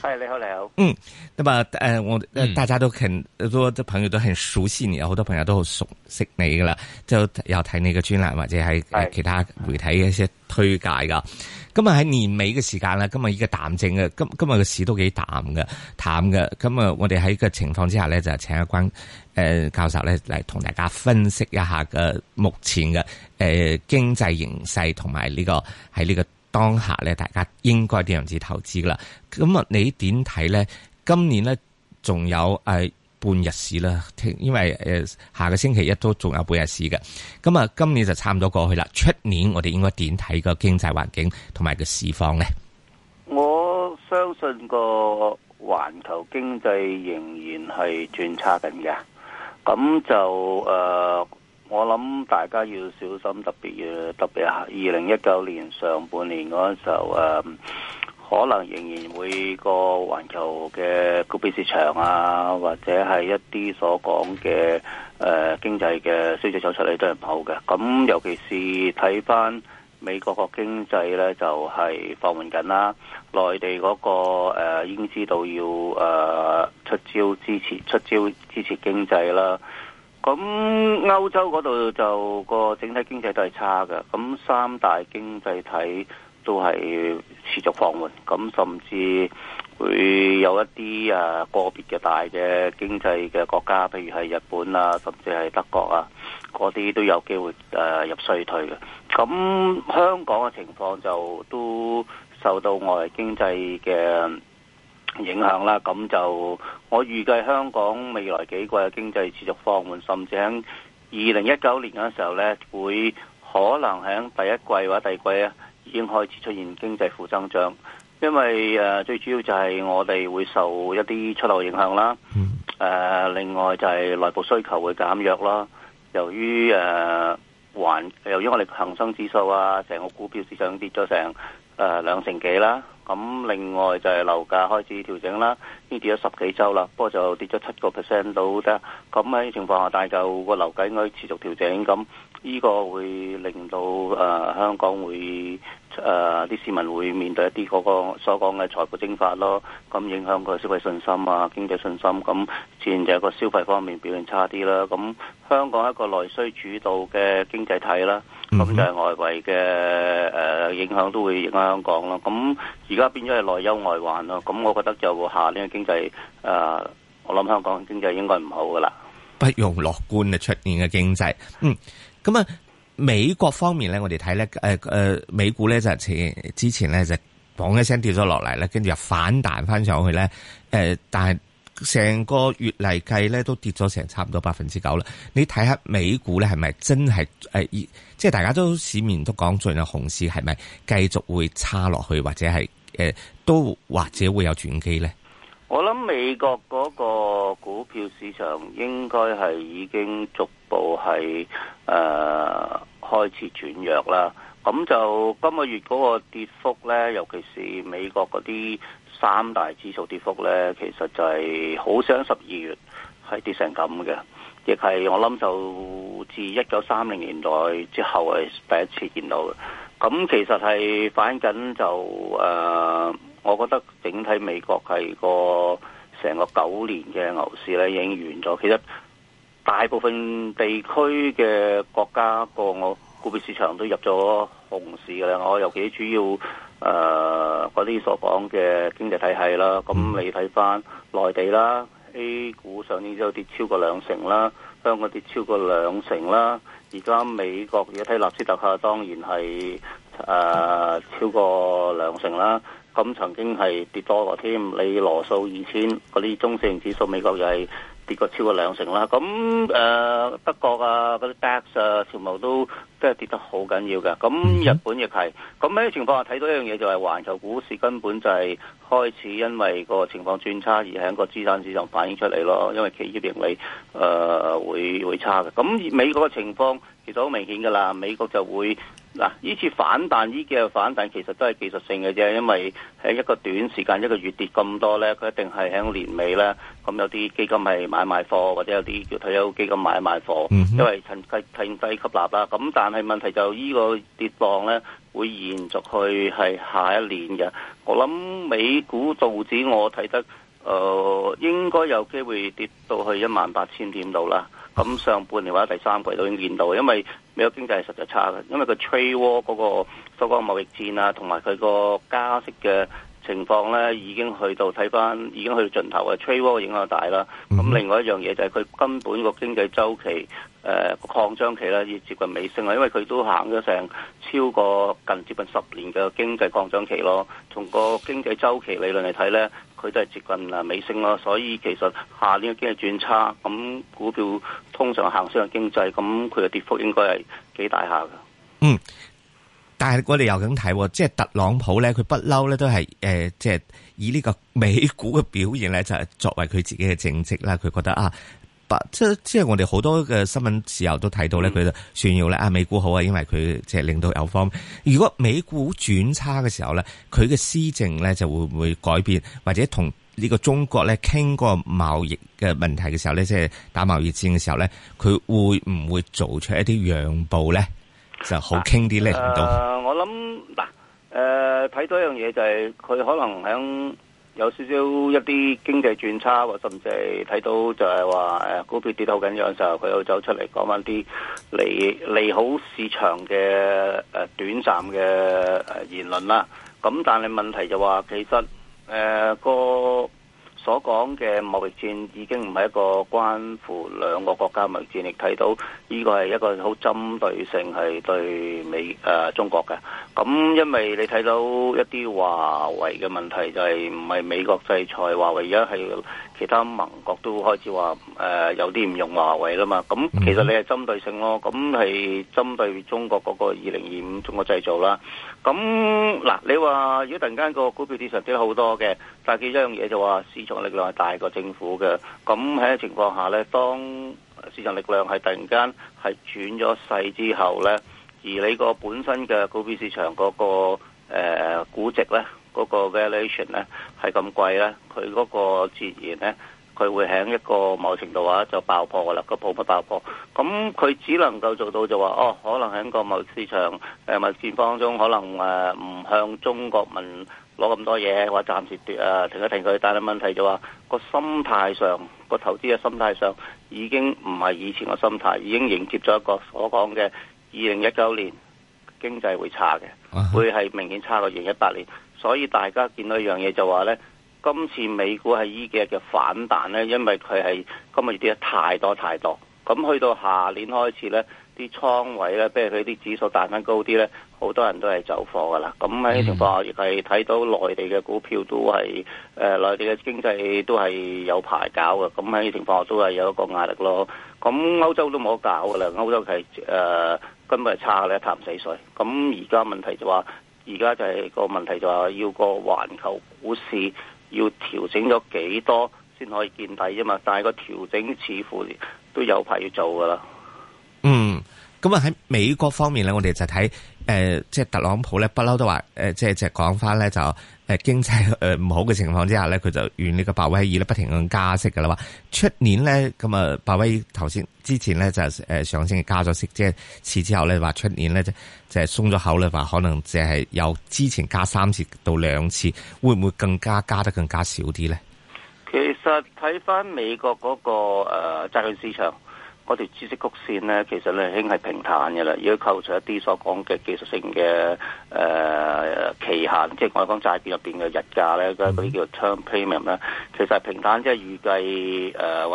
係，你好，你好。嗯，咁、嗯、啊，誒、嗯，我大家都肯多朋友都很熟悉你的，好多朋友都好熟悉你噶啦，就有睇你嘅專欄或者喺其他媒體嘅一些推介噶。今日喺年尾嘅時間咧，今日依個淡靜嘅，今今日嘅市都幾淡嘅，淡嘅。咁啊，我哋喺個情況之下呢，就請阿關誒、呃、教授呢嚟同大家分析一下嘅目前嘅誒、呃、經濟形勢同埋呢個喺呢個。在這個，當下咧，大家應該點樣子投資㗎啦？咁啊，你點睇咧？今年咧，仲有誒半日市啦，因為誒下個星期一都仲有半日市嘅。咁啊，今年就差唔多過去啦。出年我哋應該點睇個經濟環境同埋個市況咧？我相信個環球經濟仍然係轉差緊嘅，咁就誒。呃我諗大家要小心，特別要特別二零一九年上半年嗰陣時候，誒、嗯，可能仍然每個環球嘅股票市場啊，或者係一啲所講嘅誒經濟嘅消息走出嚟都係唔好嘅。咁尤其是睇翻美國個經濟咧，就係、是、放緩緊啦。內地嗰、那個誒、呃、已經知道要誒、呃、出招支持出招支持經濟啦。咁歐洲嗰度就個整體經濟都係差嘅，咁三大經濟體都係持續放緩，咁甚至會有一啲誒個別嘅大嘅經濟嘅國家，譬如係日本啊，甚至係德國啊，嗰啲都有機會入衰退嘅。咁香港嘅情況就都受到外來經濟嘅影響啦，咁就我預計香港未來幾季經濟持續放緩，甚至喺二零一九年嘅時候呢，會可能喺第一季或者第二季啊，已經開始出現經濟負增長。因為誒最主要就係我哋會受一啲出口影響啦，誒另外就係內部需求會減弱啦。由於誒環，由於我哋恆生指數啊，成個股票市場跌咗成誒兩成幾啦。咁另外就係樓價開始調整啦，已經跌咗十幾周啦，不過就跌咗七個 percent 到得。咁喺情況下，大舊個樓價應該持續調整，咁呢個會令到誒、呃、香港會誒啲、呃、市民會面對一啲嗰個所講嘅財富蒸發咯，咁影響個消費信心啊、經濟信心，咁自然就係個消費方面表現差啲啦。咁香港一個內需主導嘅經濟體啦。咁就係外圍嘅誒影響都會影響香港咯。咁而家變咗係內憂外患咯。咁我覺得就會下年嘅經濟誒，我諗香港經濟應該唔好㗎喇。不容樂觀嘅明年嘅經濟。嗯，咁啊，美國方面咧，我哋睇咧，誒誒，美股咧就係前之前咧就講一聲跌咗落嚟咧，跟住又反彈翻上去咧，誒，但係。成個月嚟計咧，都跌咗成差唔多百分之九啦。你睇下美股咧，係咪真係誒，即係大家都市面都講盡啦，熊市係咪繼續會差落去，或者係、呃、都或者會有轉機呢？我諗美國嗰個股票市場應該係已經逐步係誒、呃、開始轉弱啦。咁就今個月嗰個跌幅呢，尤其是美國嗰啲三大指數跌幅呢，其實就係好想十二月係跌成咁嘅，亦係我諗就自一九三零年代之後係第一次見到嘅。咁其實係反映緊就、呃、我覺得整體美國係個成個九年嘅牛市呢已經完咗。其實大部分地區嘅國家個我。個別市場都入咗熊市嘅啦，我尤其主要誒嗰啲所講嘅經濟體系啦，咁你睇翻內地啦，A 股上年之後跌超過兩成啦，香港跌超過兩成啦，而家美國而家睇納斯達克當然係誒、呃、超過兩成啦，咁曾經係跌多過添，你羅素二千嗰啲中小型指數，美國又係。跌過超過兩成啦，咁，誒德國啊嗰啲 DAX 啊，全部都都係跌得好緊要嘅，咁日本亦係，咁呢啲情況睇到一樣嘢就係環球股市根本就係開始因為個情況轉差而喺個資產市場反映出嚟咯，因為企業盈利誒會會差嘅，咁美國嘅情況其實好明顯噶啦，美國就會。嗱，呢次反彈，呢幾日反彈其實都係技術性嘅啫，因為喺一個短時間一個月跌咁多呢，佢一定係喺年尾呢。咁有啲基金係買賣貨，或者有啲叫退休基金買賣貨、嗯，因為趁低趁低吸納啦。咁但係問題就呢個跌浪呢，會延續去係下一年嘅。我諗美股道指我睇得，誒、呃、應該有機會跌到去一萬八千點度啦。咁上半年或者第三季都已經見到了，因為美國經濟實在差嘅，因為個 trade war 嗰、嗰個，所講貿易戰啊，同埋佢個加息嘅。情況咧，已經去到睇翻，已經去到盡頭嘅。Trade War 影響大啦，咁、mm -hmm. 另外一樣嘢就係佢根本個經濟周期誒擴張期咧，要接近尾聲啦。因為佢都行咗成超過近接近十年嘅經濟擴張期咯。從個經濟周期理論嚟睇咧，佢都係接近啊尾聲啦。所以其實下年嘅經濟轉差，咁股票通常行商嘅經濟，咁佢嘅跌幅應該係幾大下噶。嗯、mm -hmm.。但係我哋又咁睇，即係特朗普咧，佢不嬲咧，都係誒，即係以呢個美股嘅表現咧，就係作為佢自己嘅政績啦。佢覺得啊，即係即係我哋好多嘅新聞時候都睇到咧，佢就炫耀咧啊，美股好啊，因為佢即係令到有方。如果美股轉差嘅時候咧，佢嘅施政咧就會唔會改變，或者同呢個中國咧傾個貿易嘅問題嘅時候咧，即係打貿易戰嘅時候咧，佢會唔會做出一啲讓步咧？就好傾啲咧，誒、啊啊，我諗嗱，誒、啊，睇、呃、到一樣嘢就係、是、佢可能喺有少少一啲經濟轉差，或者甚至係睇到就係話誒，股、啊、票跌得好緊要嘅時候，佢又走出嚟講翻啲利利好市場嘅誒、啊、短暫嘅誒言論啦。咁、啊、但係問題就話、是，其實誒、啊那個，所講嘅貿易戰已經唔係一個關乎兩個國家貿易戰，你睇到呢個係一個好針對性係對美誒中國嘅。咁因為你睇到一啲華為嘅問題，就係唔係美國制裁華為，而家係其他盟國都開始話誒有啲唔用華為啦嘛。咁其實你係針對性咯，咁係針對中國嗰個二零二五中國製造啦。咁嗱，你話如果突然間個股票市場跌咗好多嘅？大幾一樣嘢就話市場力量係大過政府嘅，咁喺情況下呢，當市場力量係突然間係轉咗勢之後呢，而你個本身嘅股票市場嗰、嗰個估、呃、值呢，嗰、嗰個 valuation 呢係咁貴呢，佢嗰個自然呢，佢會喺一個某程度話就爆破噶啦，個泡沫爆破。咁佢只能夠做到就話哦，可能喺一個某市場誒物件當中，可能誒唔向中國民。攞咁多嘢，我暫時斷啊，停一停佢。但係問題就話，個心態上，個投資嘅心態上已經唔係以前個心態，已經迎接咗一個所講嘅二零一九年經濟會差嘅，會係明顯差過二零一八年。所以大家見到一樣嘢就話呢，今次美股係依幾日嘅反彈呢，因為佢係今日跌得太多太多。咁去到下年開始呢啲倉位呢，譬如佢啲指數彈翻高啲呢。好多人都係走貨噶啦，咁喺啲情況下亦係睇到內地嘅股票都係誒、嗯呃、內地嘅經濟都係有排搞㗎。咁喺啲情況下都係有一個壓力咯。咁歐洲都冇得搞噶啦，歐洲係誒、呃、根本係差你一潭死水。咁而家問題就話，而家就係個問題就話要個環球股市要調整咗幾多先可以見底啫嘛？但係個調整似乎都有排要做噶啦。嗯，咁啊喺美國方面咧，我哋就睇。誒、呃，即係特朗普咧，不嬲都話，誒，即係就係講翻咧，就誒經濟誒唔好嘅情況之下咧，佢就願呢個鮑威爾咧不停咁加息㗎啦。話出年咧，咁啊鮑威爾頭先之前咧就誒上星期加咗息，即係次之後咧話出年咧就係係鬆咗口啦，話可能就係由之前加三次到兩次，會唔會更加加得更加少啲咧？其實睇翻美國嗰、那個誒債券市場。嗰條知識曲線咧，其實咧已經係平坦嘅啦，如果扣除一啲所講嘅技術性嘅誒、呃、期限，即係我講債券入邊嘅日價咧，嗰啲叫做 term payment 咧，其實係平坦，即係預計誒、呃、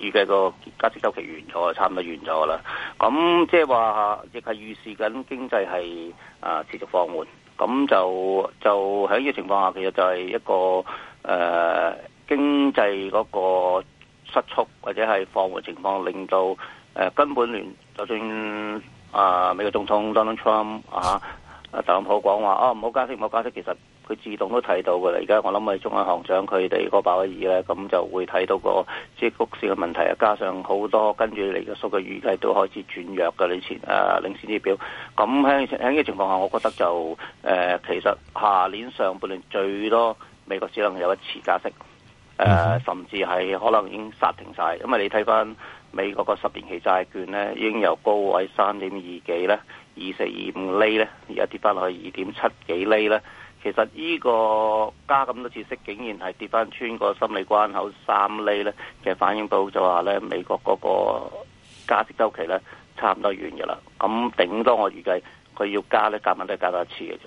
預計個加息周期完咗，差唔多完咗啦。咁即係話亦係預示緊經濟係啊、呃、持續放緩，咁就就喺呢個情況下，其實就係一個誒、呃、經濟嗰、那個。失速或者係放緩情況，令到誒、呃、根本聯，就算啊美國總統 Donald Trump 啊特朗普講話啊唔好加息唔好加息，其實佢自動都睇到㗎啦。而家我諗咪中央行長佢哋嗰個鮑威爾咧，咁就會睇到個即係股市嘅問題啊。加上好多跟住嚟嘅數據預計都開始轉弱嘅，以前誒、啊、領先指標咁，喺喺呢個情況下，我覺得就誒、呃、其實下年上半年最多美國只能有一次加息。誒、uh -huh.，甚至係可能已經殺停晒。因為你睇翻美國個十年期債券咧，已經由高位三點二幾咧，二四二五厘咧，而家跌翻落去二點七幾厘咧。其實呢個加咁多次息，竟然係跌翻穿個心理關口三厘咧，其實反映到就話咧，美國嗰個加息周期咧，差唔多完嘅啦。咁頂多我預計佢要加咧，夾硬都係加多一次嘅啫。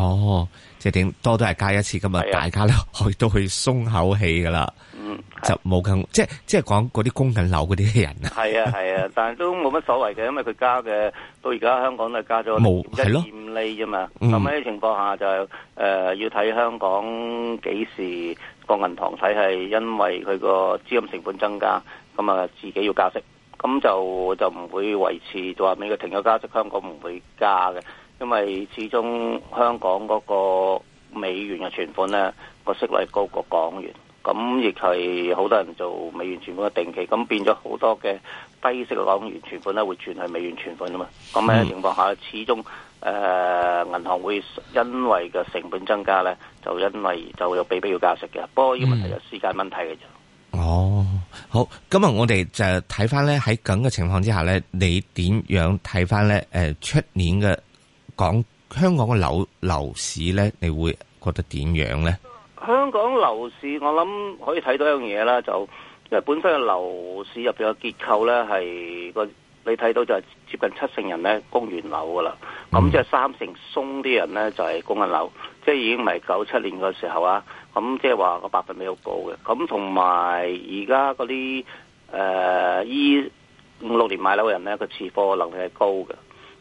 哦、oh.。即係點多都係加一次咁嘛，大家咧可都去鬆口氣噶啦。嗯，就冇咁即係即係講嗰啲供緊樓嗰啲人啊。係啊係啊，但係都冇乜所謂嘅，因為佢加嘅到而家香港都加咗一點五厘啫嘛。咁喺情況下就誒要睇香港幾時個銀行體系，因為佢個資金成本增加，咁啊自己要加息，咁就就唔會維持就話美國停咗加息，香港唔會加嘅。因為始終香港嗰個美元嘅存款咧個息率高過港元，咁亦係好多人做美元存款嘅定期，咁變咗好多嘅低息嘅港元存款咧會轉去美元存款啊嘛，咁嘅情況下始終誒、呃、銀行會因為嘅成本增加咧，就因為就有被逼要加息嘅，不過呢個問題係時間問題嘅啫、嗯。哦，好，咁我哋就睇翻咧，喺咁嘅情況之下咧，你點樣睇翻咧？誒，出年嘅。講香港嘅樓樓市咧，你會覺得點樣咧？香港樓市我諗可以睇到一樣嘢啦，就因本身嘅樓市入邊嘅結構咧，係個你睇到就係接近七成人咧供完樓噶啦，咁、嗯、即係三成鬆啲人咧就係供緊樓，即係已經唔係九七年嘅時候啊，咁即係話個百分比好高嘅，咁同埋而家嗰啲誒依五六年買樓嘅人咧，佢持貨能力係高嘅。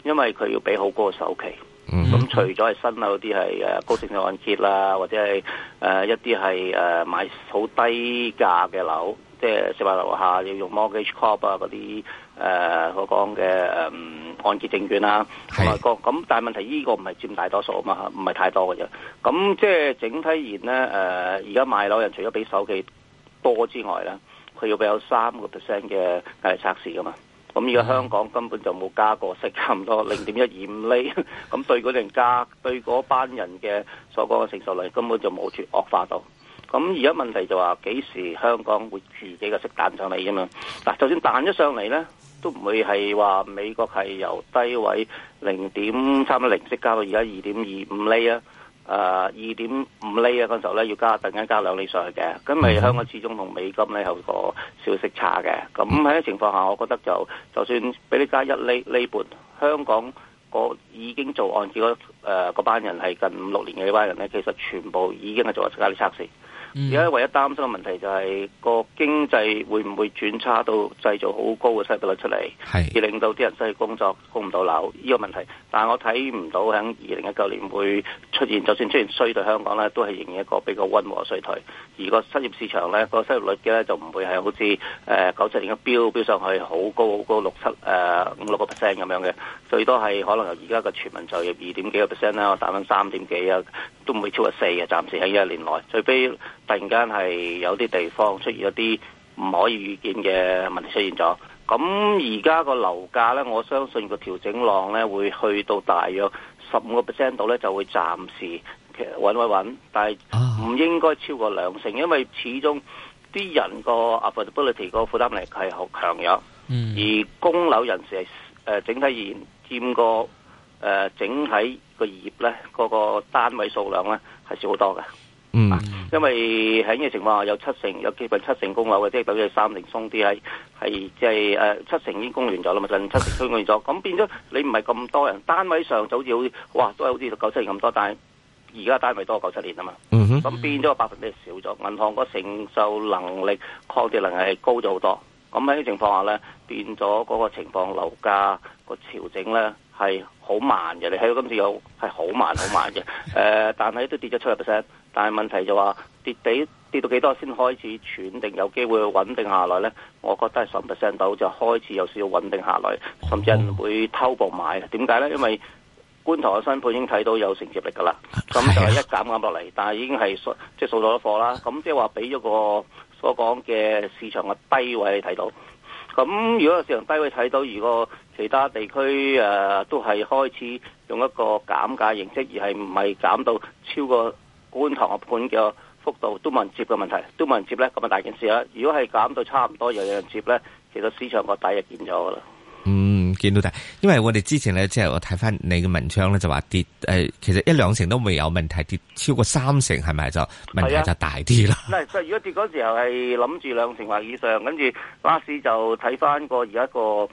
因為佢要俾好高嘅首期，咁、嗯、除咗係新樓啲係高息嘅按揭啦，或者係、呃、一啲係、呃、買好低價嘅樓，即係四百樓下要用 Mortgage Corp 啊嗰啲誒我講嘅按揭證券啦。同埋係。咁但係問題呢個唔係佔大多數啊嘛，唔係太多嘅啫。咁即係整體而言咧，而家買樓人除咗俾首期多之外呢，佢要俾有三個 percent 嘅壓力測試噶嘛。咁而家香港根本就冇加過息差唔多，零點一二五厘，咁對嗰啲加，對嗰班人嘅所講嘅承受力根本就冇脫惡化到。咁而家問題就話、是、幾時香港會自己嘅息彈上嚟㗎嘛，嗱，就算彈咗上嚟咧，都唔會係話美國係由低位零點差唔多零息加到而家二點二五厘啊。誒二點五厘啊！嗰陣時候咧，要加突然間加兩厘上去嘅，咁咪香港始終同美金咧有個息差嘅。咁喺情況下，我覺得就就算俾你加一厘，厘半香港個已經做按揭嗰班人係近五六年嘅呢班人咧，其實全部已經係做咗壓力測試。而家唯一擔心嘅問題就係、是、個經濟會唔會轉差到製造好高嘅失業率出嚟，而令到啲人失去工作，供唔到樓呢個問題。但係我睇唔到喺二零一九年會出現，就算出現衰退香港咧，都係仍然一個比較溫和衰退。而個失業市場咧，個失業率嘅咧就唔會係好似誒九七年嘅飆飆上去好高好高，六七誒五六個 percent 咁樣嘅，最多係可能由而家嘅全民就業二點幾個 percent 啦，我打返三點幾啊。都唔會超過四嘅，暫時喺一年內，除非突然間係有啲地方出現一啲唔可以預見嘅問題出現咗。咁而家個樓價呢，我相信個調整浪呢會去到大約十五個 percent 度呢，就會暫時嘅穩一穩，穩，但係唔應該超過兩成，因為始終啲人個 affordability 個負擔力係好強嘅，嗯，而供樓人士係、呃、整體而言佔個。誒、呃，整體個業咧，嗰、那個單位數量咧係少好多嘅。嗯、mm -hmm. 啊,因為喺呢個情況下有七成,有接近七成供樓嘅，即係等於三成鬆啲係係即係誒七成已經供完咗啦嘛。近、就是、七成供完咗，咁變咗你唔係咁多人,單位上就好似好啊，都係好似九七年咁多,但係而家單位多九七年啊嘛。咁、mm -hmm. 變咗個百分比少咗，銀行個承受能力抗跌能力係高咗好多。咁喺呢個情況下咧，變咗嗰個情況樓價個調整咧。係好慢嘅，你睇到今次有，係好慢好慢嘅。誒、呃，但係都跌咗七十 percent，但係問題就話、是、跌底跌到幾多先開始斷定有機會穩定下來呢？我覺得係十 percent 到，就開始有少少穩定下來，甚至係會偷步買。點解呢？因為觀塘嘅新盤已經睇到有承接力噶啦，咁、哎、就係一減減落嚟，但係已經係即係掃咗啲貨啦。咁即係話俾咗個所講嘅市場嘅低位你睇到。咁如果有市場低位睇到，如果其他地區誒、呃、都係開始用一個減價形式，而係唔係減到超過觀塘個盤嘅幅度都冇人接嘅問題，都冇人接呢？咁啊大件事啦！如果係減到差唔多又有人接呢？其實市場個底就變咗啦。嗯見到大，因為我哋之前咧，即係我睇翻你嘅文章咧，就話跌誒，其實一兩成都未有問題，跌超過三成係咪？就問題就大啲啦，啊？即係，如果跌嗰時候係諗住兩成或以上，跟住巴士就睇翻個而家個誒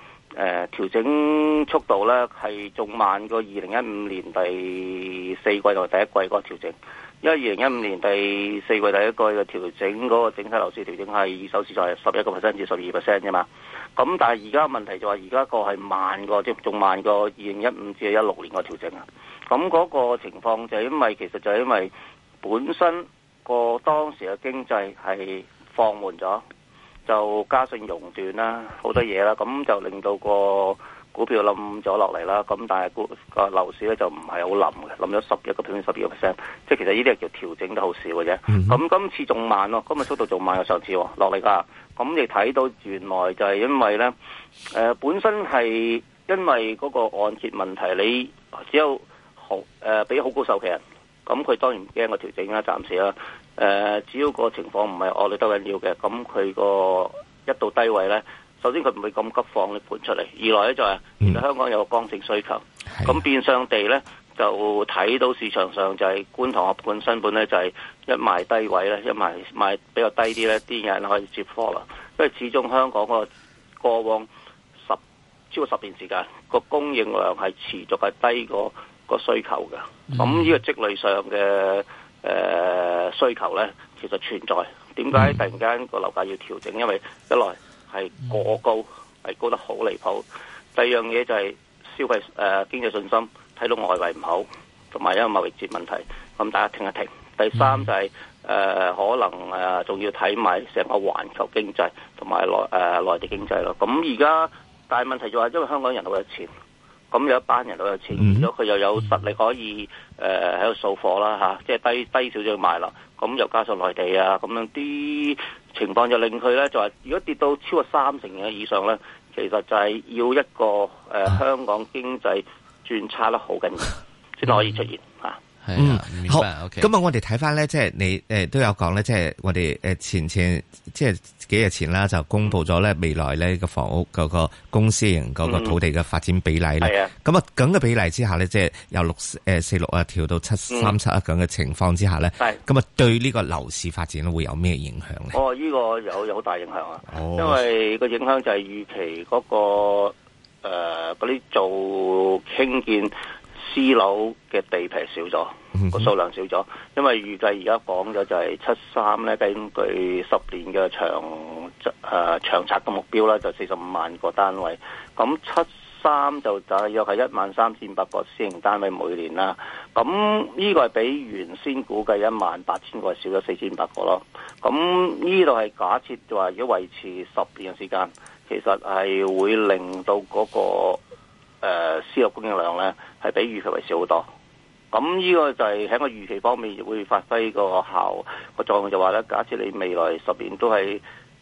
調整速度咧，係仲慢過二零一五年第四季度第一季嗰個調整。因為二零一五年第四季第一季嘅調整，嗰、那個整體樓市調整係首次係十一個 percent 至十二 percent 啫嘛。咁但係而家問題就係而家個係慢過，即仲慢過二零一五至一六年個調整啊。咁、那、嗰個情況就係因為其實就係因為本身個當時嘅經濟係放緩咗，就加上熔斷啦，好多嘢啦，咁就令到個。股票冧咗落嚟啦，咁但係股個樓市咧就唔係好冧嘅，冧咗十一個 percent、十二個 percent，即係其實呢啲係叫調整得好少嘅啫。咁、嗯、今次仲慢咯、哦，今日速度仲慢過、哦、上次落嚟噶。咁你睇到原來就係因為咧，誒、呃、本身係因為嗰個按揭問題，你只有好誒俾好高手嘅人，咁佢當然唔驚個調整啦、啊，暫時啦、啊。誒、呃、只要個情況唔係惡劣得緊要嘅，咁佢個一到低位咧。首先佢唔會咁急放啲盤出嚟，二來咧就係原來香港有個剛性需求，咁、嗯啊、變相地咧就睇到市場上就係觀塘盤、新盤咧就係、是、一賣低位咧，一賣賣比較低啲咧，啲人可以接貨啦。因為始終香港個過往十超過十年時間個供應量係持續係低過個需求嘅，咁、嗯、呢個積累上嘅誒、呃、需求咧其實存在。點解突然間個樓價要調整、嗯？因為一來係過高，係高得好離譜。第二樣嘢就係消費誒、呃、經濟信心睇到外圍唔好，同埋因為貿易戰問題，咁大家停一停。第三就係、是、誒、呃、可能誒仲、呃、要睇埋成個環球經濟同埋內誒內地經濟咯。咁而家但係問題就係因為香港人好有錢，咁有一班人好有錢，咁佢又有實力可以誒喺度掃貨啦吓，即係低低少少賣咯。咁又加上內地啊咁樣啲。情況就令佢咧就係，如果跌到超過三成嘅以上咧，其實就係要一個、呃、香港經濟轉差得好緊要先可以出現、嗯。啊、嗯，好。咁、okay、啊，嗯、我哋睇翻咧，即、就、係、是、你誒、呃、都有講咧，即、就、係、是、我哋誒前前即係、就是、幾日前啦，就公布咗咧未來咧個房屋個公私營嗰個土地嘅發展比例啦。係、嗯嗯嗯嗯嗯哦這個、啊。咁啊，咁嘅比例之下咧，即係由六誒四六啊調到七三七啊咁嘅情況之下咧，係。咁啊，對呢個樓市發展咧會有咩影響咧？哦呢個有有好大影響啊！因為個影響就係預期嗰、那個誒嗰啲做興建。私樓嘅地皮少咗，個數量少咗，因為預計而家講咗就係、是、七三咧，根據十年嘅長誒、呃、長策嘅目標咧，就四十五萬個單位，咁七三就大約係一萬三千五百個私營單位每年啦。咁呢個係比原先估計一萬八千個少咗四千五百個咯。咁呢度係假設就話如果維持十年嘅時間，其實係會令到嗰、那個。誒、呃、私有供應量咧係比預期為少好多，咁呢個就係喺個預期方面會發揮個效、個作用就呢，就話咧假設你未來十年都係誒、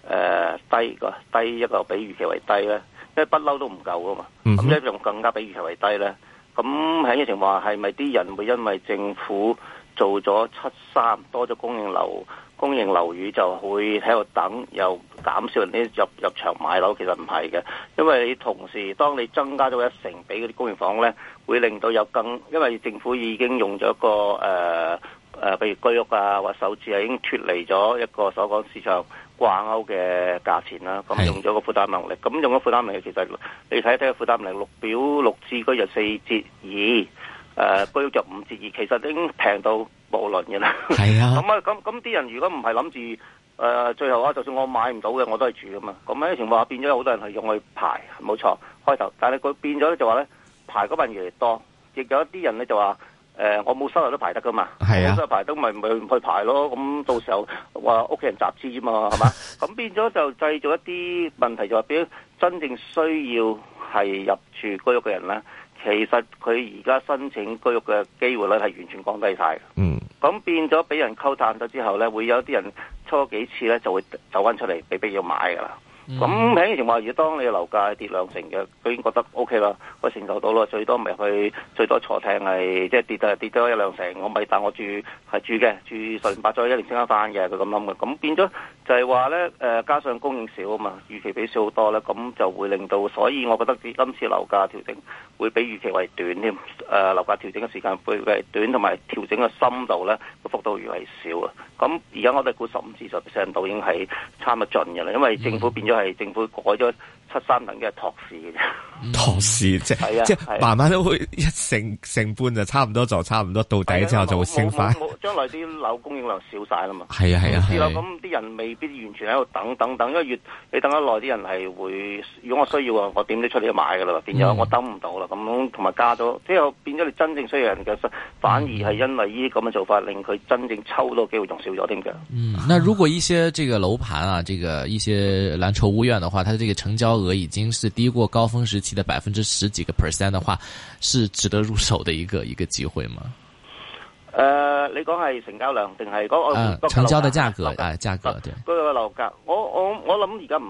呃、低個低一個比預期為低咧，因為不嬲都唔夠㗎嘛，咁一樣更加比預期為低咧，咁喺呢情況下係咪啲人會因為政府做咗七三多咗供應樓，供應樓宇就會喺度等，又減少人啲入入場買樓，其實唔係嘅，因為你同時當你增加咗一成俾嗰啲公營房咧，會令到有更，因為政府已經用咗個誒誒，譬、呃呃、如居屋啊或首次啊，已經脫離咗一個所講市場掛鈎嘅價錢啦。咁用咗個負擔能力，咁用咗負擔能力，其實你睇一睇個負擔能力六表六至嗰日四折二。誒、呃，居屋就唔折義，其實已經平到無倫嘅啦。係啊，咁 啊，咁咁啲人如果唔係諗住，誒、呃，最後啊，就算我買唔到嘅，我都係住噶嘛。咁樣嘅情況下，變咗有好多人係用去排，冇錯。開頭，但係佢變咗咧，就話咧，排嗰班人越嚟越多，亦有一啲人咧就話，誒、呃，我冇收入都排得噶嘛，冇、啊、收入排得咪咪唔去排咯。咁到時候話屋企人集資啫嘛，係 嘛？咁變咗就製造一啲問題，就話畀真正需要係入住居屋嘅人咧。其實佢而家申請居屋嘅機會率係完全降低晒嘅。嗯，咁變咗俾人溝淡咗之後咧，會有啲人初幾次咧，就會走返出嚟，被迫要買㗎啦。咁喺嘅情況，如果當你樓價跌兩成嘅，佢已經覺得 OK 啦，我承受到啦，最多咪去最多坐艇係即係跌得跌咗一兩成，我咪但我住係住嘅，住十年八載一年先返翻嘅，佢咁諗嘅。咁變咗就係話咧，加上供應少啊嘛，預期比少好多咧，咁就會令到，所以我覺得今次樓價調整會比預期為短添。樓價調整嘅時間會為短，同埋調整嘅深度咧個幅度越係少啊。咁而家我哋估十五至十成度已經係差唔多盡嘅啦，因為政府變咗。都係政府改咗。七三等嘅托市嘅，托、嗯、市、嗯、即係、啊、即係慢慢都會一成、啊、成半就差唔多就差唔多，到底之後就會升翻。將、啊、來啲樓供應量少晒啦嘛，係啊係啊。啲咁啲人未必完全喺度等等等，因為越你等得耐啲人係會，如果我需要啊，我點都出嚟買噶啦，變咗我等唔到啦，咁同埋加咗之後變咗你真正需要人嘅，反而係因為呢啲咁嘅做法令佢真正抽到機會仲少咗啲嘅。嗯，那如果一些這個樓盤啊，這個一些藍籌屋苑的話，它這個成交？已經是低過高峰時期的百分之十幾個 percent 的話，是值得入手的一個一個機會嗎？誒、呃，你講係成交量定係、那個啊呃那個、成交的價格啊？價格，啊價格啊嗰個樓價，我我我諗而家唔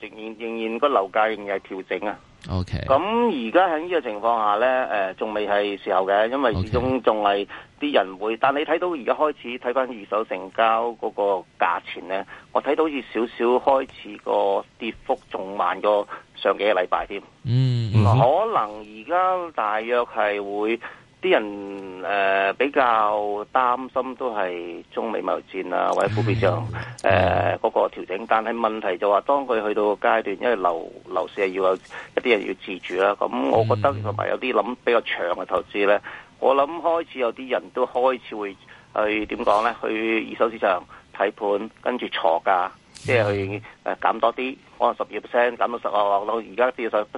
仍然仍然個樓價仍然係調整啊。OK。咁而家喺呢個情況下咧，誒仲未係時候嘅，因為始終仲係。Okay. 啲人會，但你睇到而家開始睇翻二手成交嗰個價錢呢，我睇到好似少少開始個跌幅仲慢過上幾個禮拜添。嗯，嗯可能而家大約係會啲人誒、呃、比較擔心都係中美貿戰啊，或者貨幣上誒嗰個調整。但係問題就話，當佢去到個階段，因為樓樓市係要有一啲人要自住啦，咁我覺得同埋有啲諗比較長嘅投資呢。我諗開始有啲人都開始會去點講咧？去二手市場睇盤，跟住坐價，即係去誒，減多啲，可能十二 percent 減到十啊、哦，到而家跌到上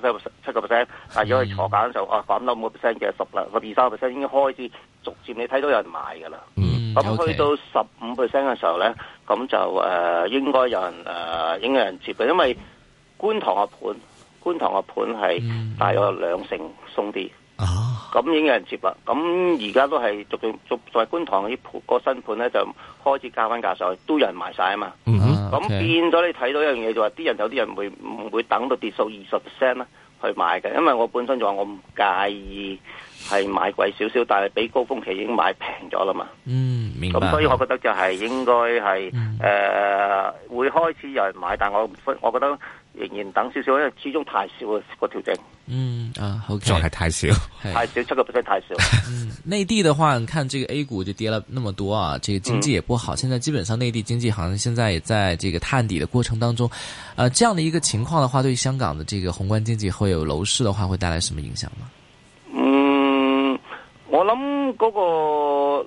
七個 percent。但如果係坐價嘅時候，啊、嗯、減到五個 percent 嘅十啦，十二三個 percent 已經開始逐漸你睇到有人買噶啦。咁、嗯嗯、去到十五 percent 嘅時候咧，咁、嗯嗯嗯、就誒、呃、應該有人誒、呃、應該有人接嘅，因為觀塘嘅盤，觀塘嘅盤係大約兩成鬆啲。嗯嗯啊！咁已經有人接啦，咁而家都係逐漸逐在觀塘嗰啲個新盤咧，就開始加翻價上去，都有人買晒啊嘛。咁、uh -huh. okay. 變咗你睇到一樣嘢、就係，就話啲人有啲人會唔會等到跌數二十 percent 去買嘅？因為我本身就話我唔介意係買貴少少，但係比高峰期已經買平咗啦嘛。嗯，咁所以我覺得就係應該係誒、嗯呃、會開始有人買，但我我覺得。仍然等少少，因為始終太少個調整。嗯啊，好仲係太少，太少七個 percent 太少。內、嗯、地的話，你看這個 A 股就跌了那麼多啊，這個經濟也不好、嗯。現在基本上內地經濟好像現在也在這個探底的過程當中。呃，這樣的一個情況的話，對香港的這個宏觀經濟會有樓市的話，會帶來什麼影響呢？嗯，我諗嗰、那個。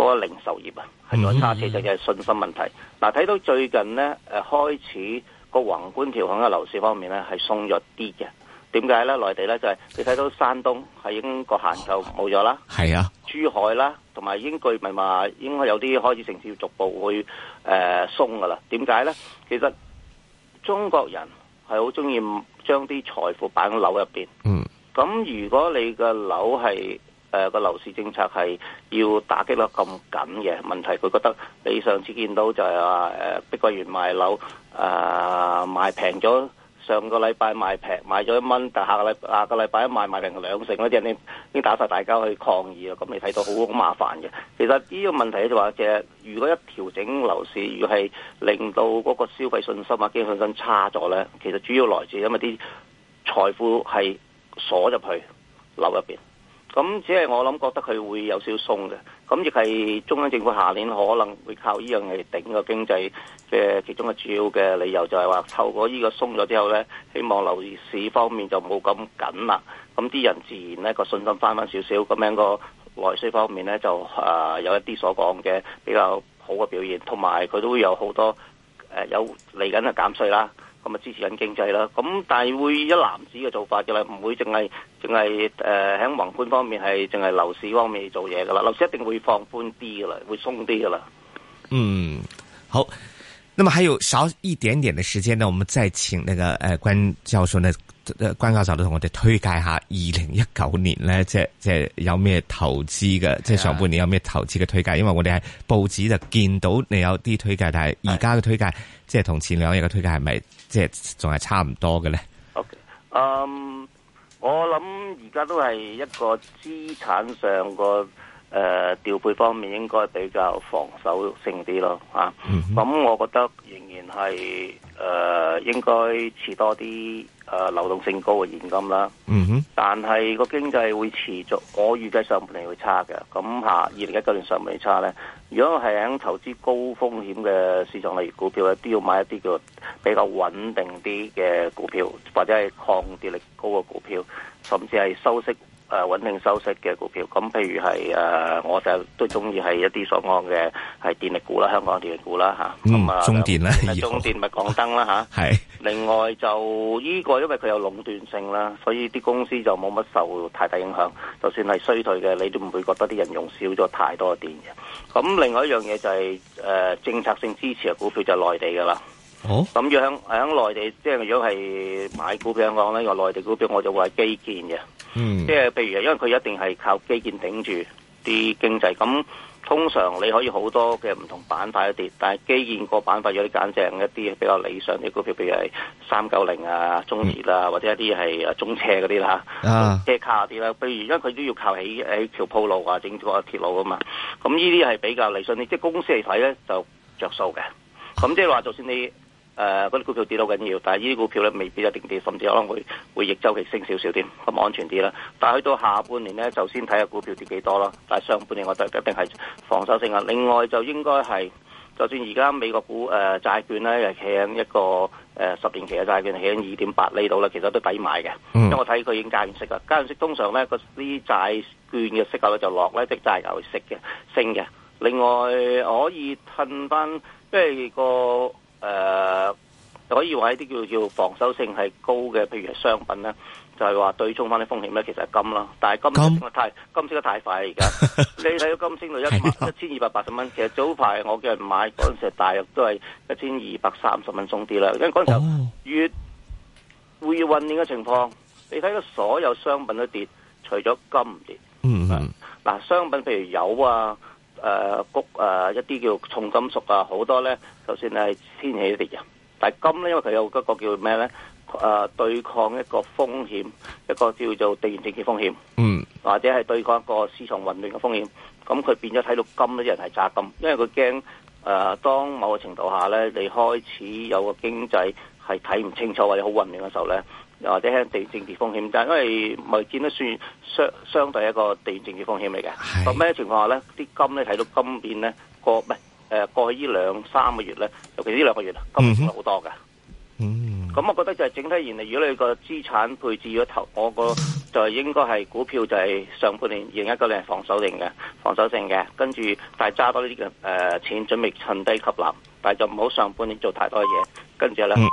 嗰、那個零售業啊，係外差，其實就係信心問題。嗱，睇到最近呢，誒開始個宏觀調控嘅樓市方面呢，係鬆咗啲嘅。點解呢？內地呢，就係、是、你睇到山東係已經個限購冇咗啦。係啊，珠海啦，同埋應該咪話應該有啲開始城市要逐步會誒、呃、鬆噶啦。點解呢？其實中國人係好中意將啲財富擺喺樓入邊。嗯，咁如果你個樓係，誒、呃那個樓市政策係要打擊得咁緊嘅問題，佢覺得你上次見到就係話誒碧桂園賣樓，誒、呃、賣平咗，上個禮拜賣平賣咗一蚊，但下個禮下個禮拜一賣賣平兩成，嗰啲人，已經打晒大家去抗議啊！咁你睇到好麻煩嘅。其實呢個問題就話、是、其實，如果一調整樓市，如係令到嗰個消費信心啊、經濟信心差咗咧，其實主要來自因為啲財富係鎖入去樓入邊。咁只係我諗，覺得佢會有少少鬆嘅，咁亦係中央政府下年可能會靠呢樣嚟頂個經濟嘅其中嘅主要嘅理由就，就係話透過呢個鬆咗之後呢，希望樓市方面就冇咁緊啦，咁啲人自然呢個信心翻翻少少，咁、那、樣個內需方面呢，就、呃、有一啲所講嘅比較好嘅表現，同埋佢都會有好多誒、呃、有嚟緊嘅減稅啦。咁啊，支持緊經濟啦，咁但係會一籃子嘅做法嘅啦，唔會淨係淨係誒喺宏觀方面係淨係樓市方面做嘢噶啦，樓市一定會放寬啲噶啦，會鬆啲噶啦。嗯，好。咁啊，還有少一點點的時間呢，我們再請那個誒、呃、關教授呢，呃、關教授都同我哋推介一下二零一九年呢，即係即係有咩投資嘅，即係上半年有咩投資嘅推介。因為我哋喺報紙就見到你有啲推介，但係而家嘅推介，即係同前兩日嘅推介係咪即係仲係差唔多嘅呢？OK，嗯，我諗而家都係一個資產上個。誒、呃、調配方面應該比較防守性啲咯，嚇、啊。咁、嗯、我覺得仍然係誒、呃、應該持多啲誒、呃、流動性高嘅現金啦。嗯哼。但係個經濟會持續，我預計上半年會差嘅。咁下二零一九年上半年差咧，如果係喺投資高風險嘅市場，例如股票咧，都要買一啲叫比較穩定啲嘅股票，或者係抗跌力高嘅股票，甚至係收息。誒，穩定收息嘅股票，咁譬如係誒，我就都中意係一啲所按嘅係電力股啦，香港電力股啦吓。嗯，中電咧，中電咪講燈啦吓。係。另外就呢個，因為佢有壟斷性啦，所以啲公司就冇乜受太大影響。就算係衰退嘅，你都唔會覺得啲人用少咗太多電嘅。咁另外一樣嘢就係誒，政策性支持嘅股票就係內地噶啦。好。咁若響響內地，即係如果係買股票嚟講咧，用內地股票，我就話基建嘅。嗯，即係譬如，因為佢一定係靠基建頂住啲經濟，咁通常你可以好多嘅唔同板塊一啲，但係基建個板塊有啲簡正一啲比較理想啲股票，譬如係三九零啊、中鐵啦、啊，或者一啲係誒中車嗰啲啦，即、啊、係卡下啲啦。譬如因為佢都要靠起喺橋鋪路啊，整個鐵路啊嘛，咁呢啲係比較理想啲，即係公司嚟睇，咧就着數嘅。咁即係話，就算你。誒、呃，嗰啲股票跌到緊要，但係呢啲股票咧未必一定跌，甚至可能會會逆周期升少少啲，咁安全啲啦。但係去到下半年咧，就先睇下股票跌幾多咯。但係上半年我都一定係防守性嘅。另外就應該係，就算而家美國股誒債、呃、券咧，又企喺一個誒、呃、十年期嘅債券企喺二點八厘度啦，其實都抵買嘅、嗯。因為我睇佢已經加完息啦，加完息通常咧個啲債券嘅息口咧就落咧，即、就、係、是、債油息嘅升嘅。另外我可以褪翻即係個。誒、呃，可以話喺啲叫叫防守性係高嘅，譬如係商品咧，就係、是、話對沖翻啲風險咧，其實係金啦。但係金升得太，金升得太，太快而家 你睇到金升到一一千二百八十蚊。 其實早排我叫人買嗰陣時，大約都係一千二百三十蚊鬆啲啦。因為嗰陣時越會混亂嘅情況，你睇到所有商品都跌，除咗金唔跌。嗯嗯，嗱，商品譬如油啊。誒、呃，谷誒、呃，一啲叫重金屬啊，好多咧，就算係掀起敵人，但金咧，因為佢有嗰個叫咩咧？誒、呃，對抗一個風險，一個叫做地緣政治風險，嗯，或者係對抗一個市場混亂嘅風險，咁佢變咗睇到金啲人係揸金，因為佢驚誒，當某個程度下咧，你開始有個經濟係睇唔清楚或者好混亂嘅時候咧。或者係地政治風險，但係因為咪見得算相相，相對一個地政治風險嚟嘅。咁咩情況下咧？啲金咧睇到金變咧過唔係誒去呢兩三個月咧，尤其呢兩個月啊，金唔係好多嘅。嗯，咁我覺得就係整體而言，如果你個資產配置如果投我個就係應該係股票就係上半年用一個嚟防守型嘅防守性嘅，跟住但係揸多啲嘅誒錢準備趁低吸納，但係就唔好上半年做太多嘢，跟住咧。嗯